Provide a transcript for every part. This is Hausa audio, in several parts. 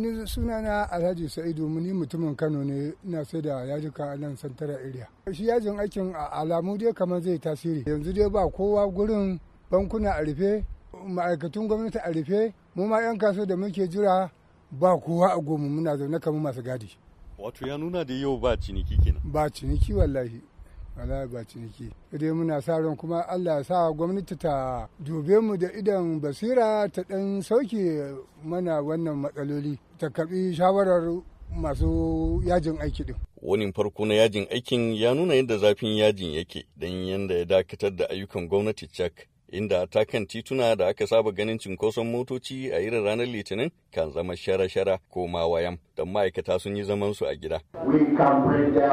Ni suna na Alhaji Sa'idu ni mutumin Kano ne ina sai da yajuka a nan santara area. Shi yajin aikin alamu dai kamar zai tasiri. Yanzu dai ba kowa gurin bankuna a rufe, ma'aikatun gwamnati a rufe, mu ma 'yan kaso da muke jira ba kowa a goma muna zaune kamar masu gadi. Wato ya nuna da yau ba ciniki kenan. Ba ciniki wallahi. wallahi ba ciniki dai muna sa ran kuma Allah ya sa gwamnati ta dube mu da idan basira ta dan sauke mana wannan matsaloli ta karbi shawarar masu yajin aiki din. Wani farko na yajin aikin ya nuna yadda zafin yajin yake don yadda ya dakatar da ayyukan gwamnati cak inda ta tituna da aka saba ganin cinkoson motoci a irin ranar litinin kan zama shara-shara ko ma wayan don ma'aikata sun yi zaman su a gida. We can bring their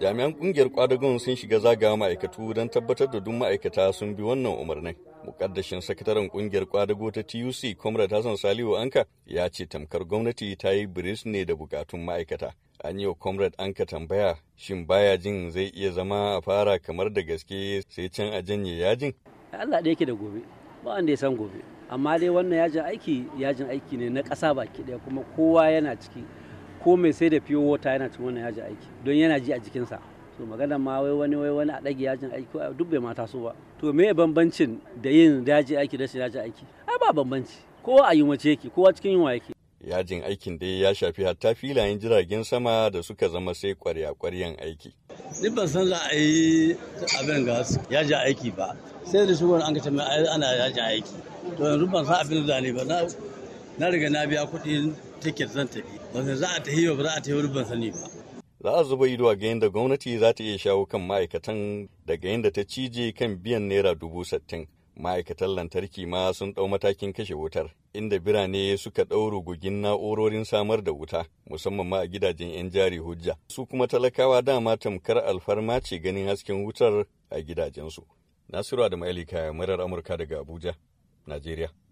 Jami'an kungiyar kwadagon sun shiga zagawa ma'aikatu don tabbatar da duk ma'aikata sun bi wannan umarnin. Mukaddashin sakataren kungiyar kwadago ta TUC, Comrade Hassan Salihu Anka, ya ce tamkar gwamnati ta yi biris ne da bukatun ma'aikata. An yi wa Comrade Anka tambaya, shin baya jin zai iya zama a fara kamar da gaske sai can a janye yajin? Allah da yake da gobe, ba wanda ya san gobe. Amma dai wannan yajin aiki, yajin aiki ne na ƙasa baki ɗaya kuma kowa yana ciki. ko mai sai da fiyo wata yana cin wannan yajin aiki don yana ji a jikinsa to magana ma wai wani wai wani a ɗage yajin aiki duk bai mata so ba to me bambancin da yin yajin aiki da shi yajin aiki ai ba bambanci kowa a yunwace yake kowa cikin yunwa yake yajin aikin dai ya shafi hatta filayen jiragen sama da suka zama sai kwarya-kwaryan aiki. Ni ban san za a yi abin ga yajin aiki ba, sai da shugaban an kace mai ana yajin aiki. To yanzu ban san abin da ne ba, na riga na biya kuɗi tiket zan tafi ba za a tafi ba za a tafi wurin ban sani ba za a zuba ido a ga yadda gwamnati za ta iya shawo kan ma'aikatan daga yadda ta cije kan biyan naira dubu sittin ma'aikatan lantarki ma sun ɗau matakin kashe wutar inda birane suka ɗau rugugin na'urorin samar da wuta musamman ma a gidajen 'yan jari hujja su kuma talakawa dama tamkar alfarma ce ganin hasken wutar a gidajensu nasiru da Ali kaya murar amurka daga abuja najeriya